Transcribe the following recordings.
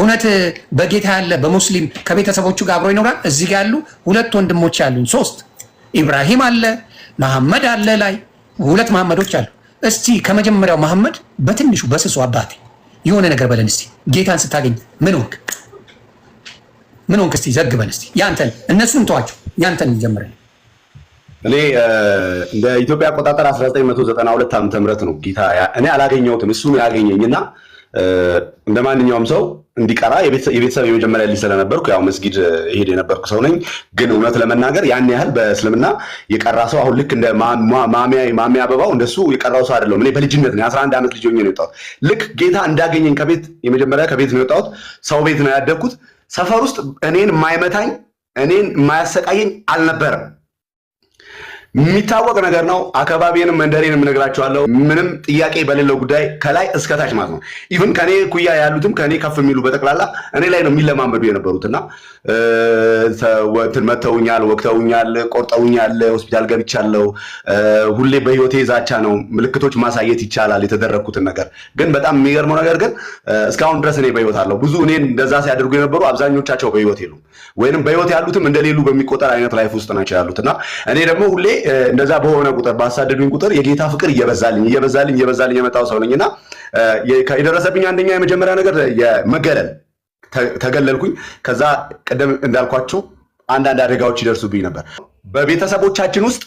እውነት በጌታ ያለ በሙስሊም ከቤተሰቦቹ ጋር አብሮ ይኖራል? እዚህ ጋ ያሉ ሁለት ወንድሞች ያሉኝ ሶስት፣ ኢብራሂም አለ መሐመድ አለ ላይ ሁለት መሐመዶች አሉ። እስቲ ከመጀመሪያው መሐመድ በትንሹ በስሱ አባቴ የሆነ ነገር በለን እስቲ። ጌታን ስታገኝ ምን ወንክ ምን ወንክ እስቲ ዘግበን እስቲ ያንተን። እነሱን ተዋቸው፣ ያንተን ጀምረን። እኔ እንደ ኢትዮጵያ አቆጣጠር 1992 ዓ ም ነው ጌታ እኔ አላገኘሁትም፣ እሱ ያገኘኝ እና እንደ ማንኛውም ሰው እንዲቀራ የቤተሰብ የመጀመሪያ ልጅ ስለነበርኩ ያው መስጊድ ሄድ የነበርኩ ሰው ነኝ። ግን እውነት ለመናገር ያን ያህል በእስልምና የቀራ ሰው አሁን ልክ እንደ ማሚያ አበባው እንደሱ የቀራው ሰው አይደለሁም። እኔ በልጅነት ነው፣ 11 ዓመት ልጅ ሆኜ ነው የወጣሁት። ልክ ጌታ እንዳገኘኝ ከቤት የመጀመሪያ ከቤት ነው የወጣሁት። ሰው ቤት ነው ያደግኩት። ሰፈር ውስጥ እኔን የማይመታኝ እኔን የማያሰቃየኝ አልነበረም። የሚታወቅ ነገር ነው። አካባቢንም መንደሬን የምነግራቸዋለው ምንም ጥያቄ በሌለው ጉዳይ ከላይ እስከታች ማለት ነው። ኢቭን ከኔ ኩያ ያሉትም ከኔ ከፍ የሚሉ በጠቅላላ እኔ ላይ ነው የሚለማመዱ የነበሩት እና መተውኛል፣ ወቅተውኛል፣ ቆርጠውኛል፣ ሆስፒታል ገብቻለሁ። ሁሌ በህይወቴ ዛቻ ነው። ምልክቶች ማሳየት ይቻላል የተደረግኩትን ነገር ግን በጣም የሚገርመው ነገር ግን እስካሁን ድረስ እኔ በህይወት አለው ብዙ እኔን እንደዛ ሲያደርጉ የነበሩ አብዛኞቻቸው በህይወት የሉም፣ ወይንም በህይወት ያሉትም እንደሌሉ በሚቆጠር አይነት ላይፍ ውስጥ ናቸው ያሉት እና እኔ ደግሞ ሁሌ እንደዛ በሆነ ቁጥር ባሳደዱኝ ቁጥር የጌታ ፍቅር እየበዛልኝ እየበዛልኝ እየበዛልኝ የመጣው ሰው ነኝ እና የደረሰብኝ አንደኛ የመጀመሪያ ነገር የመገለል ተገለልኩኝ። ከዛ ቅድም እንዳልኳቸው አንዳንድ አደጋዎች ይደርሱብኝ ነበር። በቤተሰቦቻችን ውስጥ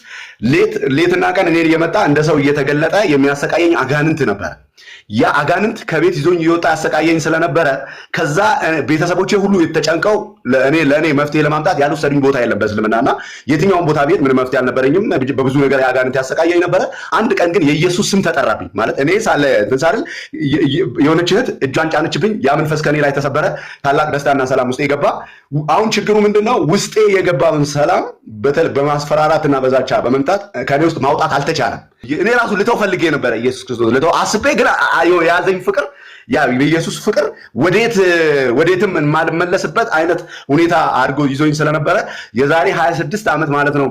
ሌትና ቀን እኔን እየመጣ እንደ ሰው እየተገለጠ የሚያሰቃየኝ አጋንንት ነበር። ያ አጋንንት ከቤት ይዞኝ እየወጣ ያሰቃየኝ ስለነበረ ከዛ ቤተሰቦቼ ሁሉ የተጨንቀው ለእኔ ለእኔ መፍትሄ ለማምጣት ያልወሰዱኝ ቦታ የለም በእስልምና እና የትኛውን ቦታ ቤት ምን መፍትሄ አልነበረኝም። በብዙ ነገር የአጋንንት ያሰቃየኝ ነበረ። አንድ ቀን ግን የኢየሱስ ስም ተጠራብኝ። ማለት እኔ ሳለ ትንሳርል የሆነች እህት እጇን ጫነችብኝ። ያ መንፈስ ከኔ ላይ ተሰበረ። ታላቅ ደስታና ሰላም ውስጤ የገባ አሁን ችግሩ ምንድን ነው? ውስጤ የገባውን ሰላም በማስፈራራትና በዛቻ በመምጣት ከኔ ውስጥ ማውጣት አልተቻለም። እኔ ራሱ ልተው ፈልጌ ነበረ ኢየሱስ ክርስቶስ ልተው አስቤ፣ ግን የያዘኝ ፍቅር የኢየሱስ ፍቅር ወዴትም የማልመለስበት አይነት ሁኔታ አድርጎ ይዞኝ ስለነበረ የዛሬ 26 ዓመት ማለት ነው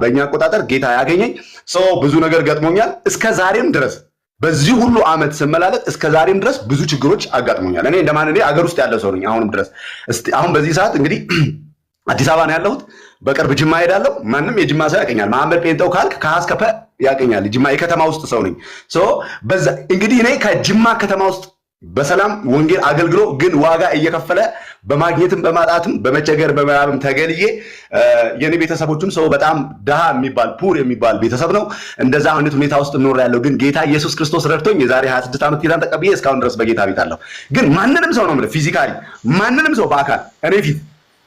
በእኛ አቆጣጠር ጌታ ያገኘኝ ሰው ብዙ ነገር ገጥሞኛል። እስከ ዛሬም ድረስ በዚህ ሁሉ ዓመት ስመላለት እስከ ዛሬም ድረስ ብዙ ችግሮች አጋጥሞኛል። እኔ እንደማን አገር ውስጥ ያለ ሰው ነኝ። አሁንም ድረስ አሁን በዚህ ሰዓት እንግዲህ አዲስ አበባ ነው ያለሁት። በቅርብ ጅማ ሄዳለሁ። ማንም የጅማ ሰው ያገኛል። መሐመድ ጴንጠው ካልክ ከሀስከፈ ያገኛል። ጅማ የከተማ ውስጥ ሰው ነኝ። በዛ እንግዲህ እኔ ከጅማ ከተማ ውስጥ በሰላም ወንጌል አገልግሎ ግን ዋጋ እየከፈለ በማግኘትም በማጣትም በመቸገር በመራብም ተገልዬ የኔ ቤተሰቦችም ሰው በጣም ድሃ የሚባል ፑር የሚባል ቤተሰብ ነው። እንደዛ አይነት ሁኔታ ውስጥ እኖር ያለው ግን ጌታ ኢየሱስ ክርስቶስ ረድቶኝ የዛሬ 26 ዓመት ጌታን ተቀብዬ እስካሁን ድረስ በጌታ ቤት አለሁ። ግን ማንንም ሰው ነው የምልህ ፊዚካሊ ማንንም ሰው በአካል እኔ ፊት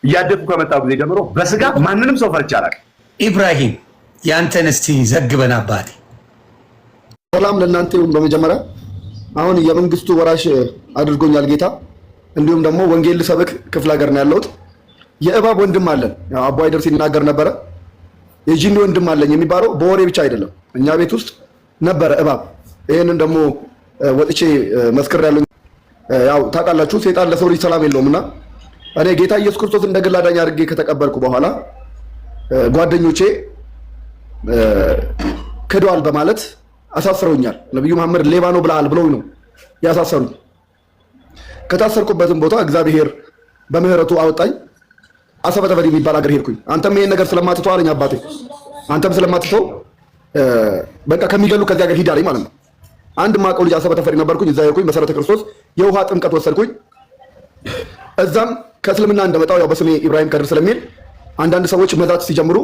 እያደግኩ ከመጣሁ ጊዜ ጀምሮ በስጋ ማንንም ሰው ፈርቼ አላውቅም። ኢብራሂም ያንተን እስቲ ዘግበን አባቴ። ሰላም ለእናንተ ይሁን። በመጀመሪያ አሁን የመንግስቱ ወራሽ አድርጎኛል ጌታ። እንዲሁም ደግሞ ወንጌል ልሰብክ ክፍለ ሀገር ነው ያለሁት። የእባብ ወንድም አለን፣ አቦ አይደር ሲናገር ነበረ። የጂኒ ወንድም አለኝ የሚባለው በወሬ ብቻ አይደለም። እኛ ቤት ውስጥ ነበረ እባብ። ይህንን ደግሞ ወጥቼ መስክር ያለኝ ያው ታውቃላችሁ፣ ሴጣን ለሰው ልጅ ሰላም የለውም እና እኔ ጌታ ኢየሱስ ክርስቶስ እንደ ግል አዳኝ አድርጌ ከተቀበልኩ በኋላ ጓደኞቼ ክደዋል በማለት አሳስረውኛል። ነቢዩ መሐመድ ሌባ ነው ብለሃል ብለው ነው ያሳሰሩኝ። ከታሰርኩበትም ቦታ እግዚአብሔር በምህረቱ አወጣኝ። አሰበተበድ የሚባል አገር ሄድኩኝ። አንተም ይሄን ነገር ስለማትተው አለኝ አባቴ፣ አንተም ስለማትተው በቃ ከሚገሉ ከዚህ ሀገር ሂዳሪ ማለት ነው። አንድ ማቀው ልጅ አሰበተፈሪ ነበርኩኝ። እዛ ሄድኩኝ። መሰረተ ክርስቶስ የውሃ ጥምቀት ወሰድኩኝ። እዛም ከእስልምና እንደመጣው ያው በስሜ ኢብራሂም ከድር ስለሚል አንዳንድ ሰዎች መዛት ሲጀምሩ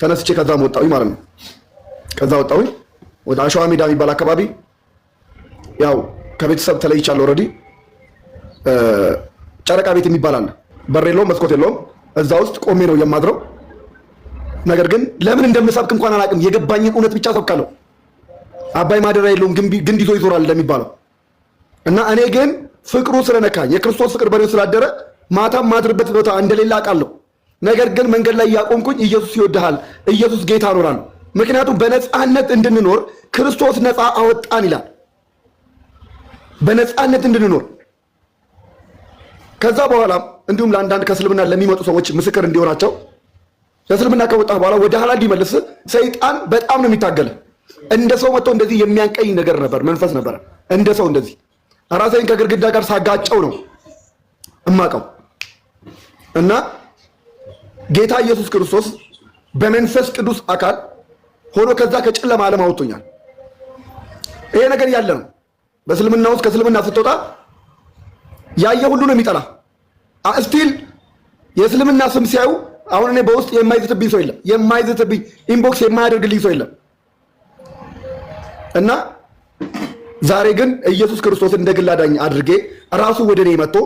ተነስቼ ከዛም ወጣሁኝ ማለት ነው። ከዛ ወጣሁኝ ወደ አሸዋ ሜዳ የሚባል አካባቢ ያው ከቤተሰብ ተለይቻለሁ። ኦልሬዲ ጨረቃ ቤት የሚባል አለ። በር የለውም፣ መስኮት የለውም። እዛ ውስጥ ቆሜ ነው የማድረው። ነገር ግን ለምን እንደምሰብክ እንኳን አላውቅም። የገባኝን እውነት ብቻ ሰብካለሁ። አባይ ማደሪያ የለውም፣ ግንድ ይዞ ይዞራል እንደሚባለው እና እኔ ግን ፍቅሩ ስለነካኝ የክርስቶስ ፍቅር በሬ ስላደረ ማታ ማድርበት ቦታ እንደሌላ አውቃለሁ። ነገር ግን መንገድ ላይ እያቆምኩኝ ኢየሱስ ይወድሃል፣ ኢየሱስ ጌታ ኖራል። ምክንያቱም በነፃነት እንድንኖር ክርስቶስ ነፃ አወጣን ይላል። በነፃነት እንድንኖር ከዛ በኋላም እንዲሁም ለአንዳንድ ከእስልምና ለሚመጡ ሰዎች ምስክር እንዲሆናቸው ከእስልምና ከወጣ በኋላ ወደ ኋላ እንዲመልስ ሰይጣን በጣም ነው የሚታገለ። እንደ ሰው መጥቶ እንደዚህ የሚያንቀኝ ነገር ነበር፣ መንፈስ ነበረ። እንደ ሰው እንደዚህ ራሴን ከግድግዳ ጋር ሳጋጨው ነው እማቀው። እና ጌታ ኢየሱስ ክርስቶስ በመንፈስ ቅዱስ አካል ሆኖ ከዛ ከጨለማ ዓለም አውጥቶኛል። ይሄ ነገር ያለ ነው። በእስልምና ውስጥ ከእስልምና ስትወጣ ያየ ሁሉ ነው የሚጠላ እስቲል የእስልምና ስም ሲያዩ አሁን እኔ በውስጥ የማይዝትብኝ ሰው የለም፣ የማይዝትብኝ ኢንቦክስ የማያደርግልኝ ሰው የለም። እና ዛሬ ግን ኢየሱስ ክርስቶስን እንደ አድርጌ ራሱ ወደ እኔ መጥቶ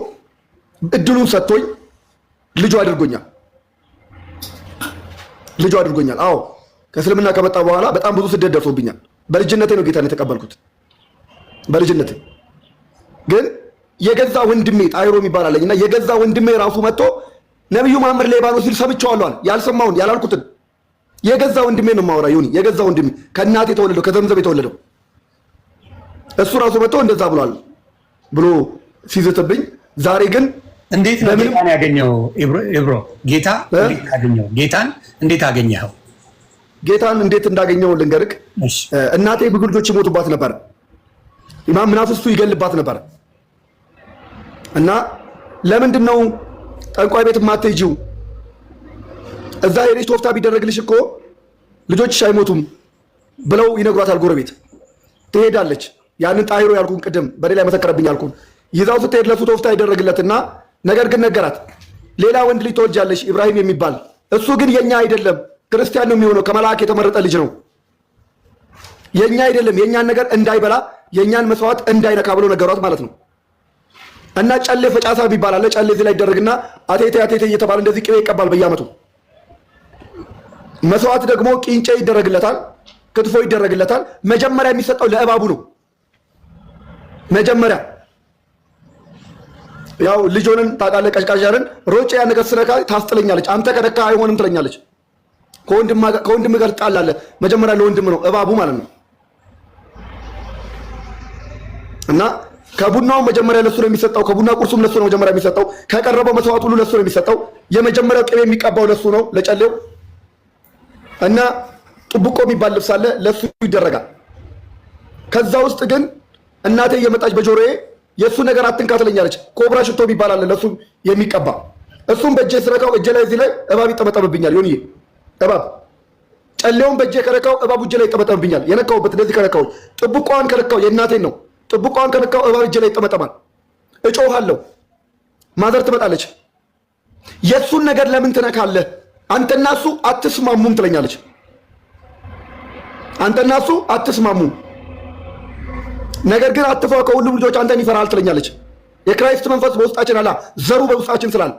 እድሉን ሰጥቶኝ ልጁ አድርጎኛል። ልጁ አድርጎኛል። አዎ ከእስልምና ከመጣ በኋላ በጣም ብዙ ስደት ደርሶብኛል። በልጅነቴ ነው ጌታን የተቀበልኩት። በልጅነቴ ግን የገዛ ወንድሜ ጣይሮ የሚባል አለኝ እና የገዛ ወንድሜ ራሱ መጥቶ ነቢዩ መሐመድ ሌባ ነው ሲል ሰምቼዋለሁ። ያልሰማውን ያላልኩትን የገዛ ወንድሜ ነው ማውራ ይሁን የገዛ ወንድሜ ከእናቴ የተወለደው ከዘምዘብ የተወለደው እሱ ራሱ መጥቶ እንደዛ ብሏል ብሎ ሲዝትብኝ ዛሬ ግን እንዴት ነው ጌታን ያገኘው? ኤብሮ ጌታ ያገኘው ጌታን እንዴት አገኘኸው? ጌታን እንዴት እንዳገኘው ልንገርህ። እናቴ ብዙ ልጆች ይሞቱባት ነበር። ኢማም ምናፍስቱ ይገልባት ነበር። እና ለምንድን ነው ጠንቋይ ቤት ማትሄጂው? እዛ የሬስ ወፍታ ቢደረግልሽ እኮ ልጆችሽ አይሞቱም ብለው ይነግሯታል ጎረቤት። ትሄዳለች። ያንን ጣይሮ ያልኩን ቅድም በሌላ መሰከረብኝ ያልኩን ይዛው ስትሄድ ለሱ ቶፍታ ይደረግለትና ነገር ግን ነገራት፣ ሌላ ወንድ ልጅ ትወልጃለሽ ኢብራሂም የሚባል እሱ ግን የኛ አይደለም፣ ክርስቲያን ነው የሚሆነው፣ ከመልአክ የተመረጠ ልጅ ነው። የኛ አይደለም፣ የእኛን ነገር እንዳይበላ የእኛን መስዋዕት እንዳይነካ ብሎ ነገሯት ማለት ነው። እና ጨሌ ፈጫሳ የሚባል አለ። ጨሌ እዚህ ላይ ይደረግና አቴቴ አቴቴ እየተባለ እንደዚህ ቅቤ ይቀባል በየአመቱ መስዋዕት ደግሞ ቂንጨ ይደረግለታል፣ ክትፎ ይደረግለታል። መጀመሪያ የሚሰጠው ለእባቡ ነው መጀመሪያ ያው ልጆንን ታውቃለህ፣ ቀዥቃዣርን ሮጬ ያን ነገር ስነካ ታስጥለኛለች። አንተ ከነካ አይሆንም ትለኛለች። ከወንድም ጋር ትጣላለህ። መጀመሪያ ለወንድም ነው እባቡ ማለት ነው። እና ከቡናው መጀመሪያ ለሱ ነው የሚሰጠው። ከቡና ቁርሱም ለሱ ነው መጀመሪያ የሚሰጠው። ከቀረበው መስዋዕት ሁሉ ለሱ ነው የሚሰጠው። የመጀመሪያው ቅቤ የሚቀባው ለሱ ነው ለጨሌው። እና ጥብቆ የሚባል ልብስ አለ ለሱ ይደረጋል። ከዛ ውስጥ ግን እናቴ እየመጣች በጆሮዬ የእሱ ነገር አትንካ ትለኛለች። ኮብራ ሽቶ ይባላል ለእሱ የሚቀባ እሱም በእጄ ስረካው እጄ ላይ እዚህ ላይ እባብ ይጠበጠብብኛል። ሆንዬ እባብ ጨሌውን በእጄ ከረካው እባብ እጄ ላይ ይጠበጠብብኛል። የነካውበት እንደዚህ ከረካው ጥብቋን ከረካው የእናቴን ነው። ጥብቋን ከረካው እባብ እጄ ላይ ይጠመጠማል። እጮሃለሁ። ማዘር ትመጣለች። የእሱን ነገር ለምን ትነካለህ? አንተና እሱ አትስማሙም ትለኛለች። አንተና እሱ አትስማሙም ነገር ግን አትፈው ከሁሉም ልጆች አንተን ይፈራል ትለኛለች። የክራይስት መንፈስ በውስጣችን አላ ዘሩ በውስጣችን ስላለ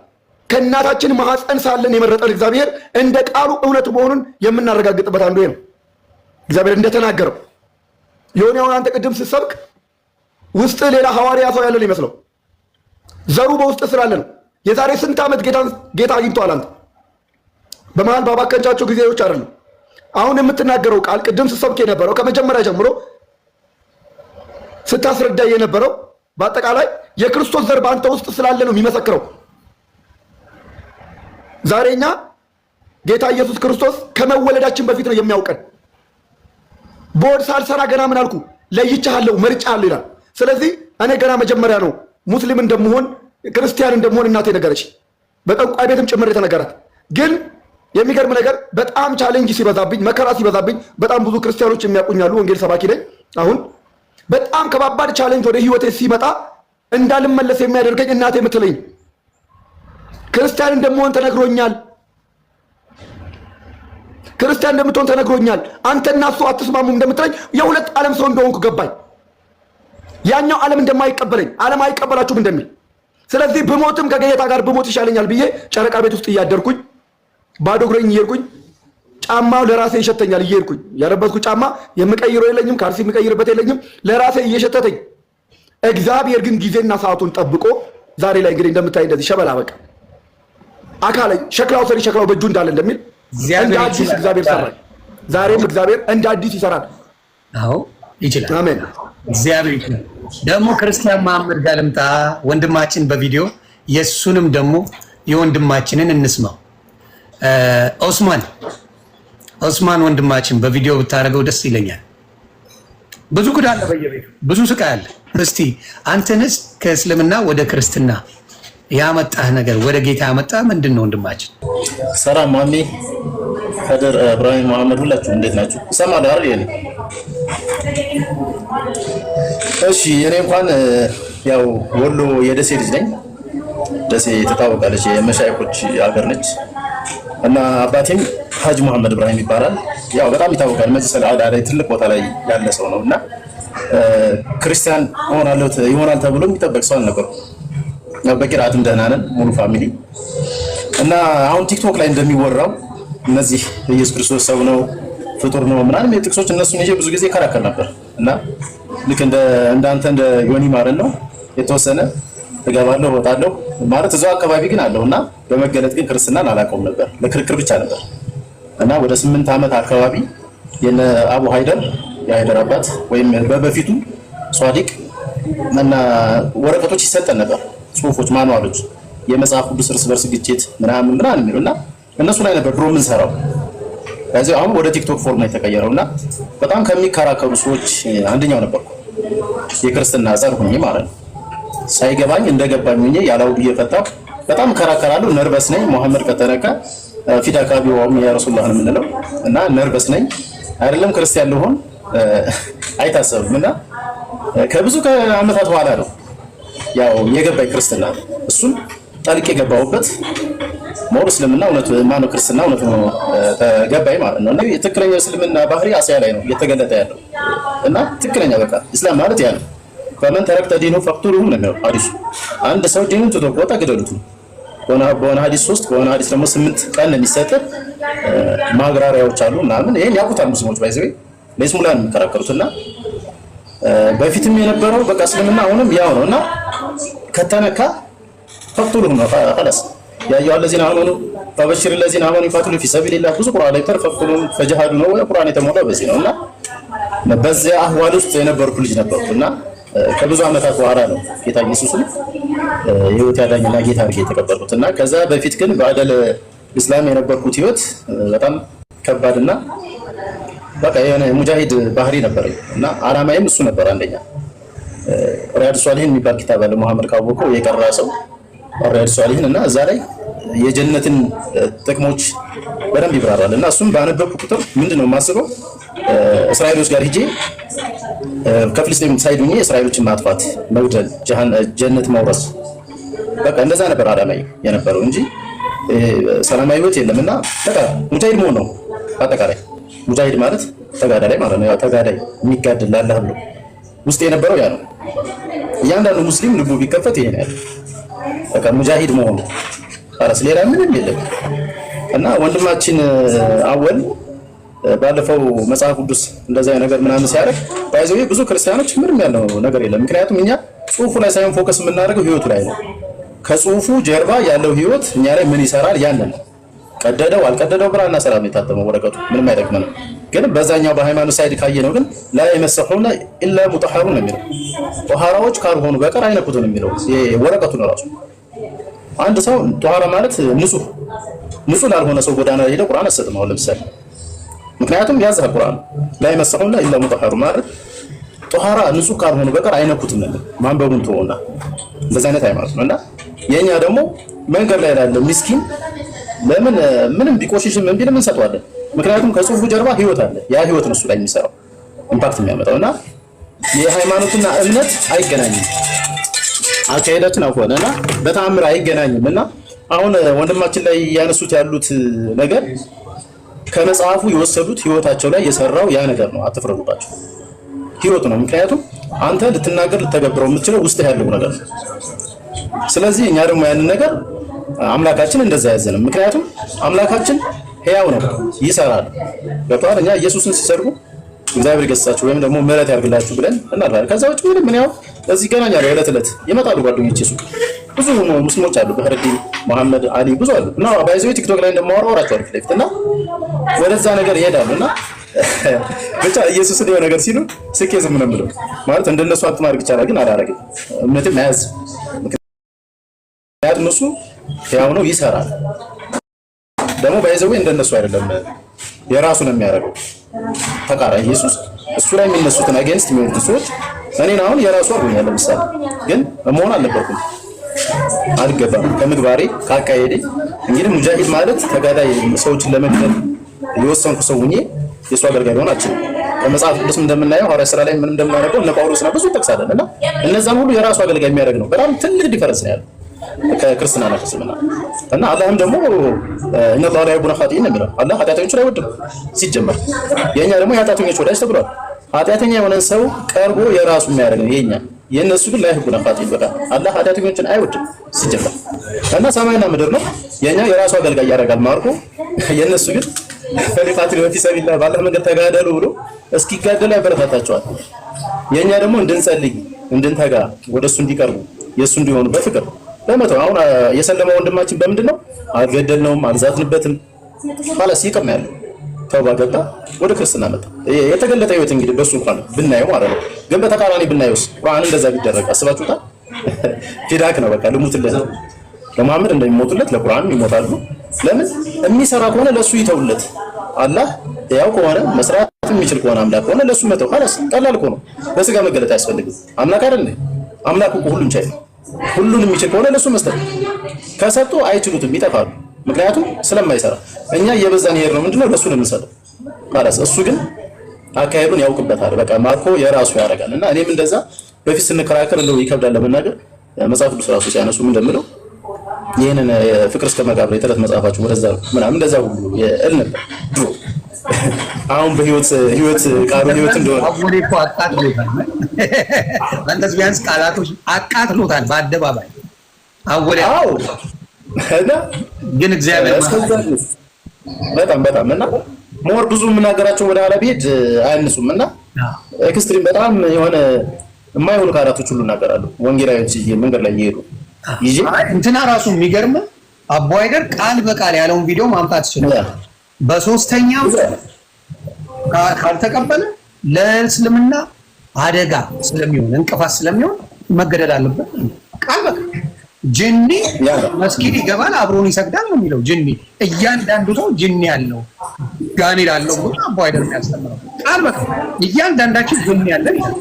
ከእናታችን ማህፀን ሳለን የመረጠን እግዚአብሔር እንደ ቃሉ እውነት መሆኑን የምናረጋግጥበት አንዱ ነው። እግዚአብሔር እንደተናገረው የሆነ አሁን አንተ ቅድም ስትሰብክ ውስጥ ሌላ ሐዋርያ ሰው ያለን ይመስለው ዘሩ በውስጥ ስላለ ነው። የዛሬ ስንት ዓመት ጌታ አግኝተዋል። አንተ በመሀል ባባከንቻቸው ጊዜዎች አይደለም። አሁን የምትናገረው ቃል ቅድም ስትሰብክ የነበረው ከመጀመሪያ ጀምሮ ስታስረዳ የነበረው በአጠቃላይ የክርስቶስ ዘር በአንተ ውስጥ ስላለ ነው የሚመሰክረው። ዛሬ እኛ ጌታ ኢየሱስ ክርስቶስ ከመወለዳችን በፊት ነው የሚያውቀን። ቦርድ ሳልሰራ ገና ምን አልኩ ለይቻለሁ፣ መርጫለሁ ይላል። ስለዚህ እኔ ገና መጀመሪያ ነው ሙስሊም እንደምሆን ክርስቲያን እንደምሆን እናቴ ነገረች። በጠንቋይ ቤትም ጭምር የተነገራት ግን የሚገርም ነገር በጣም ቻሌንጅ ሲበዛብኝ መከራ ሲበዛብኝ በጣም ብዙ ክርስቲያኖች የሚያውቁኛሉ። ወንጌል ሰባኪ ነኝ አሁን በጣም ከባባድ ቻለንጅ ወደ ህይወቴ ሲመጣ እንዳልመለስ የሚያደርገኝ እናቴ የምትለኝ ክርስቲያን እንደምሆን ተነግሮኛል። ክርስቲያን እንደምትሆን ተነግሮኛል። አንተ እሱ አትስማሙ እንደምትለኝ የሁለት ዓለም ሰው እንደሆንኩ ገባኝ። ያኛው ዓለም እንደማይቀበለኝ ዓለም አይቀበላችሁም እንደሚል ስለዚህ ብሞትም ከጌታ ጋር ብሞት ይሻለኛል ብዬ ጨረቃ ቤት ውስጥ እያደርኩኝ ባዶ እግረኝ እየሄድኩኝ ጫማው ለራሴ ይሸተኛል። እየሄድኩኝ ያረበትኩ ጫማ የምቀይረው የለኝም፣ ካልሲ የምቀይርበት የለኝም። ለራሴ እየሸተተኝ፣ እግዚአብሔር ግን ጊዜና ሰዓቱን ጠብቆ ዛሬ ላይ እንግዲህ እንደምታይ እንደዚህ ሸበላ በቃ አካለ ሸክላው ሰሪ ሸክላው በእጁ እንዳለ እንደሚል እንደ አዲስ እግዚአብሔር ሰራል። ዛሬም እግዚአብሔር እንደ አዲስ ይሰራል። አዎ ይችላል። አሜን። እግዚአብሔር ይችላል። ደግሞ ክርስቲያን መሐመድ ጋር ልምጣ ወንድማችን በቪዲዮ የእሱንም ደግሞ የወንድማችንን እንስማው ኦስማን ኦስማን ወንድማችን በቪዲዮ ብታደርገው ደስ ይለኛል። ብዙ ጉድ አለ በየቤቱ ብዙ ስቃይ አለ። እስቲ አንተንስ ከእስልምና ወደ ክርስትና ያመጣህ ነገር ወደ ጌታ ያመጣ ምንድን ነው? ወንድማችን ሰላም ማሜ ከደር እብራሂም መሐመድ ሁላችሁ እንዴት ናችሁ? እሰማለሁ አይደል? እሺ እኔ እንኳን ያው ወሎ የደሴ ልጅ ነኝ። ደሴ ትታወቃለች፣ የመሻይኮች ሀገር ነች። እና አባቴም ሀጅ መሐመድ እብራሂም ይባላል። ያው በጣም ይታወቃል። መጅሊስ አልዓዳ ላይ ትልቅ ቦታ ላይ ያለ ሰው ነው እና ክርስቲያን ይሆናል ተብሎ የሚጠበቅ ሰው አልነበሩ። በቂርአትም ደህና ነን ሙሉ ፋሚሊ እና አሁን ቲክቶክ ላይ እንደሚወራው እነዚህ ኢየሱስ ክርስቶስ ሰው ነው ፍጡር ነው ምናምን የጥቅሶች እነሱን ይዤ ብዙ ጊዜ ይከራከር ነበር እና ልክ እንደ እንዳንተ እንደ ዮኒ ማረን ነው የተወሰነ እገባለሁ እወጣለሁ ማለት እዛው አካባቢ ግን አለው እና በመገለጥ ግን ክርስትናን አላውቀውም ነበር፣ ለክርክር ብቻ ነበር እና ወደ ስምንት ዓመት አካባቢ የነ አቡ ሀይደር የሀይደር አባት ወይም በበፊቱ ሷዲቅ እና ወረቀቶች ይሰጠን ነበር፣ ጽሁፎች፣ ማኑዋሎች የመጽሐፍ ቅዱስ እርስ በርስ ግጭት ምናምን ምናምን የሚሉ እና እነሱ ላይ ነበር ድሮ የምንሰራው። ከዚህ አሁን ወደ ቲክቶክ ፎርም ላይ የተቀየረው እና በጣም ከሚከራከሩ ሰዎች አንደኛው ነበርኩ የክርስትና ዘር ሁኜ ማለት ነው። ሳይገባኝ እንደገባኝ ሆኜ ያላውቅ እየፈታሁ በጣም ከራከራለሁ። ነርበስ ነኝ። መሐመድ ከተነካ ፊት አካባቢ ዋም ያረሱላህ ነው የምንለው እና ነርበስ ነኝ። አይደለም ክርስቲያን ልሆን አይታሰብም እና ከብዙ ከአመታት በኋላ ነው ያው የገባኝ ክርስትና እሱም ጠልቅ የገባሁበት ሞር እስልምና እውነቱ ማነው ክርስትና እውነቱ ተገባኝ ማለት ነው። እና ትክክለኛ እስልምና ባህሪ አስያ ላይ ነው እየተገለጠ ያለው እና ትክክለኛ በቃ እስላም ማለት ያለው ፈመን ተረክተ ዲኑ ፈቅቱልሁ ነው ሐዲሱ። አንድ ሰው ዲኑን ትቶ ከወጣ ግደሉት ነው በሆነ ሐዲስ ሶስት በሆነ ሐዲስ ደግሞ ስምንት ቀን የሚሰጥ ማግራሪያዎች አሉ ምናምን። ይሄን ያውቁታል ሙስሊሞች ባይዘ ለስሙላ ነው የሚከራከሩትና በፊትም የነበረው በቃ እስልምና አሁንም ያው ነው እና ከተነካ ፈቅቱልሁ ነው ኸላስ ያየዋ ለዚህን አመኑ ፈበሽር ለዚህን አመኑ ይፋቱሉ ፊ ሰቢልላህ ብዙ ቁርአን ላይ ተርፈቅቱሉ ፈጅሃዱ ነው ቁርአን የተሞላ በዚህ ነው እና በዚያ አህዋል ውስጥ የነበርኩ ልጅ ነበርኩና ከብዙ ዓመታት በኋላ ነው ጌታ ኢየሱስን ህይወት ያዳኝና ጌታ አድርጌ የተቀበልኩት እና ከዛ በፊት ግን በአደለ እስላም የነበርኩት ህይወት በጣም ከባድና በቃ የሆነ ሙጃሂድ ባህሪ ነበር እና አላማዬም እሱ ነበር። አንደኛ ሪያድ ሷሊህን የሚባል ኪታብ አለ። መሐመድ ካወቀው የቀራ ሰው ሪያድ ሷሊህን እና እዛ ላይ የጀነትን ጥቅሞች በደንብ ይብራራል እና እሱም ባነበብኩ ቁጥር ምንድን ነው የማስበው እስራኤሎች ጋር ሂጄ ከፍልስጤም ሳይድ የእስራኤሎችን እስራኤሎችን ማጥፋት፣ መግደል፣ ጀነት መውረስ በቃ እንደዛ ነበር አላማዬ የነበረው እንጂ ሰላማዊ ህይወት የለም እና በቃ ሙጃሂድ መሆን ነው አጠቃላይ። ሙጃሂድ ማለት ተጋዳላይ ማለት ነው። ተጋዳይ የሚጋድል ላለህ ብሎ ውስጥ የነበረው ያ ነው። እያንዳንዱ ሙስሊም ልቡ ቢከፈት ይሄ ነው ያለ በቃ ሙጃሂድ መሆኑ አረስ ሌላ ምንም የለም። እና ወንድማችን አወል ባለፈው መጽሐፍ ቅዱስ እንደዛ ነገር ምናምን ሲያደርግ ባይዘው ብዙ ክርስቲያኖች ምንም ያለው ነገር የለም። ምክንያቱም እኛ ጽሁፉ ላይ ሳይሆን ፎከስ የምናደርገው ህይወቱ ላይ ነው። ከጽሁፉ ጀርባ ያለው ህይወት እኛ ላይ ምን ይሰራል? ያንን ቀደደው አልቀደደው ብራና ስራ የታተመው ወረቀቱ ምንም ነው። ግን በዛኛው በሃይማኖት ሳይድ ካየ ነው ግን ላ የመሰሁና ኢላ ሙጠሐሩ ነው የሚለው ጦሃራዎች ካልሆኑ በቀር አይነኩትም የሚለው ወረቀቱ ነው ራሱ አንድ ሰው ጧራ ማለት ንጹህ ንጹህ ላልሆነ ሰው ጎዳና ላይ ሄደ ቁርአን አሰጥመው ለምሳሌ ምክንያቱም ያዛ ቁርአን ላይ መስሁን ኢላ ሙጣሃሩ ማለት ጧራ ንጹህ ካልሆኑ በቀር አይነኩትም ነው ማንበቡን ተወና እንደዛ አይነት ሃይማኖት እና የኛ ደግሞ መንገድ ላይ ላለ ምስኪን ለምን ምንም ቢቆሽሽም ምን ቢልም እንሰጠዋለን። ምክንያቱም ከጽሁፉ ጀርባ ህይወት አለ። ያ ህይወት ነው እሱ ላይ የሚሰራው ኢምፓክት የሚያመጣውና የሃይማኖትና እምነት አይገናኝም። አካሄደት ነው እና በተአምር አይገናኝም። እና አሁን ወንድማችን ላይ ያነሱት ያሉት ነገር ከመጽሐፉ የወሰዱት ህይወታቸው ላይ የሰራው ያ ነገር ነው። አትፍረዱባቸው፣ ህይወት ነው። ምክንያቱም አንተ ልትናገር ልተገብረው የምትችለው ውስጥ ያለው ነገር። ስለዚህ እኛ ደግሞ ያንን ነገር አምላካችን እንደዛ ያዘንም። ምክንያቱም አምላካችን ህያው ነው፣ ይሰራል። በኋላ እኛ ኢየሱስን ሲሰርጉ እግዚአብሔር ይገሳችሁ ወይም ደግሞ ምሕረት ያርግላችሁ ብለን እናድራለን። ከዛ ውጭ ምንም ያው እዚህ ይገናኛለሁ። ዕለት ዕለት ይመጣሉ ጓደኞቼ ሱቅ ብዙ ሙስሊሞች አሉ። ባህርዲን መሐመድ አሊ ብዙ አሉ እና ባይዘው ቲክቶክ ላይ እንደማወራው ወራቸው ፊት ለፊት እና ወደዛ ነገር ይሄዳሉ እና ብቻ ኢየሱስ የሆነ ነገር ሲሉ ስኬ ዝም ነው የምለው ማለት እንደነሱ አክት ማድረግ ይቻላል፣ ግን አላረግም። እምነትም መያዝ ምክንያቱም እሱ ያው ነው ይሰራል። ደግሞ ባይዘው እንደነሱ አይደለም፣ የራሱ ነው የሚያደርገው። ተቃራኒ ኢየሱስ እሱ ላይ የሚነሱትን አገንስት የሚወዱ ሰዎች እኔን አሁን የራሱ አድርጎኛል። ለምሳሌ ግን መሆን አልነበርኩም፣ አልገባም ከምግባሬ ካካሄዴ። እንግዲህ ሙጃሂድ ማለት ተጋዳይ ሰዎችን ለመግደል የወሰንኩ ሰው ሁኜ የእሱ አገልጋይ ሊሆን አልችልም። ከመጽሐፍ ቅዱስ እንደምናየው ሐዋርያ ስራ ላይ ምን እንደምናደርገው እነ ጳውሎስና ብዙ ጠቅሳለን እና እነዛም ሁሉ የራሱ አገልጋይ የሚያደርግ ነው። በጣም ትልቅ ዲፈረንስ ነው ያለው። ከክርስትና ነው ከእስልምና እና አላህም ደግሞ ኢነላህ ላ ዩሂቡል ኻጢኢን ነው የሚለው። አላህ ኃጢአተኞችን አይወድም ሲጀመር። የእኛ ደግሞ የኃጢአተኞች ወዳጅ ተብሏል። ኃጢአተኛ የሆነን ሰው ቀርቦ የራሱ የሚያደርግ ነው የኛ። የእነሱ ግን ላይ ቡና አፋጥ ይበቃል። አላህ ኃጢአተኞችን አይወድም ሲጀመር እና ሰማይና ምድር ነው የእኛ የራሱ አገልጋይ ያደርጋል ማርኮ። የእነሱ ግን ፈሊቃትል ወፊ ሰቢላ ባላህ መንገድ ተጋደሉ ብሎ እስኪጋደሉ ያበረታታቸዋል። የእኛ ደግሞ እንድንጸልይ እንድንተጋ ወደ እሱ እንዲቀርቡ የእሱ እንዲሆኑ በፍቅር በመቶ አሁን የሰለመው ወንድማችን በምንድን ነው? አልገደልነውም፣ አልዛትንበትም። ኋላስ ይቀም ያለው ተውባ ገባ፣ ወደ ክርስትና መጣ። የተገለጠ ህይወት እንግዲህ በሱ እንኳን ብናየው ማለት ነው። ግን በተቃራኒ ብናየውስ ቁርአን እንደዛ ቢደረግ አስባችሁታል? ፊዳክ ነው በቃ ልሙትለት ነው። ለመሐመድ እንደሚሞቱለት ለቁርአን ይሞታሉ። ለምን የሚሰራ ከሆነ ለሱ ይተውለት። አላህ ያው ከሆነ መስራት የሚችል ከሆነ አምላክ ከሆነ ለሱ መተው ኋላስ ቀላል እኮ ነው። በስጋ መገለጥ አያስፈልግም። አምላክ አይደል አምላክ እኮ ሁሉን ቻይ ነው። ሁሉን የሚችል ከሆነ ለሱ መስጠት ከሰጡ አይችሉትም፣ ይጠፋሉ። ምክንያቱም ስለማይሰራ እኛ እየበዛን ይሄድ ነው ምንድነው ለሱ የምንሰጠው። ማለት እሱ ግን አካሄዱን ያውቅበታል። በቃ ማርኮ የራሱ ያደርጋል። እና እኔም እንደዛ በፊት ስንከራከር እንደው ይከብዳል ለመናገር መጽሐፍ ቅዱስ ራሱ ሲያነሱ ምን እንደምለው ይህንን ፍቅር እስከ መቃብር የተረት መጽሐፋችሁ ወደዛ ምናምን እንደዛ ሁሉ እል ነበር ድሮ አሁን በህይወት ህይወት ቃሉ ህይወት እንደሆነ አቡኔ እኮ አቃጥሎታል። መለስ ቢያንስ ቃላቶች አቃጥሎታል በአደባባይ አወለ። አዎ ግን እግዚአብሔር በጣም በጣም እና ሞር ብዙ የምናገራቸው ወደ ኋላ ብሄድ አያንሱም እና ኤክስትሪም በጣም የሆነ የማይሆኑ ቃላቶች ሁሉ እናገራለሁ። ወንጌላዊዎች መንገድ ላይ እየሄዱ እንትና ራሱ የሚገርም አቦ አይደር ቃል በቃል ያለውን ቪዲዮ ማምጣት ይችላል። በሶስተኛው ካልተቀበለ ለእስልምና አደጋ ስለሚሆን እንቅፋት ስለሚሆን መገደል አለበት። ቃል በቃል ጅኒ መስጊድ ይገባል፣ አብሮን ይሰግዳል ነው የሚለው። ጅኒ እያንዳንዱ ሰው ጅኒ ያለው ጋኔል አለው ብሎ አቦ አይደለም ያስተምረው። ቃል በቃል እያንዳንዳችን ጅኒ ያለን ይላል።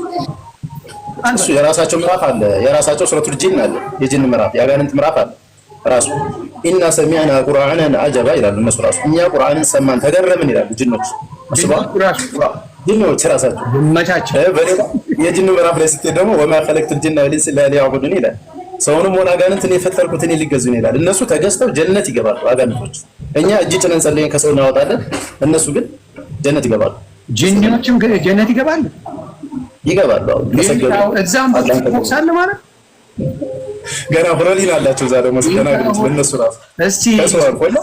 እሱ የራሳቸው ምዕራፍ አለ፣ የራሳቸው ሱረቱል ጂን አለ፣ የጅን ምዕራፍ፣ የአጋንንት ምዕራፍ አለ። ራሱ ኢና ሰሚዕና ቁርአንን አጀባ ይላሉ እነሱ ራሱ። እኛ ቁርአንን ሰማን ተገረምን ይላሉ ጅኖች። ጅኖች ራሳቸው የጅን ምዕራፍ ላይ ስትሄድ ደግሞ ወማ ኸለቅቱል ጅነ ወል ሊያዕቡዱን ይላል። ሰውንም ሆነ አጋንንትን የፈጠርኩት ሊገዙን ይላል። እነሱ ተገዝተው ጀነት ይገባሉ አጋንንቶች። እኛ እጅ ጭነን ጸልየን ከሰው እናወጣለን፣ እነሱ ግን ጀነት ይገባሉ። ጅኒዎችም ጀነት ይገባሉ ይገባሉ። እዛም ማለት ገና ሁረን ይላላቸው እዛ ደግሞ ገና ግንት ለእነሱ ራሱ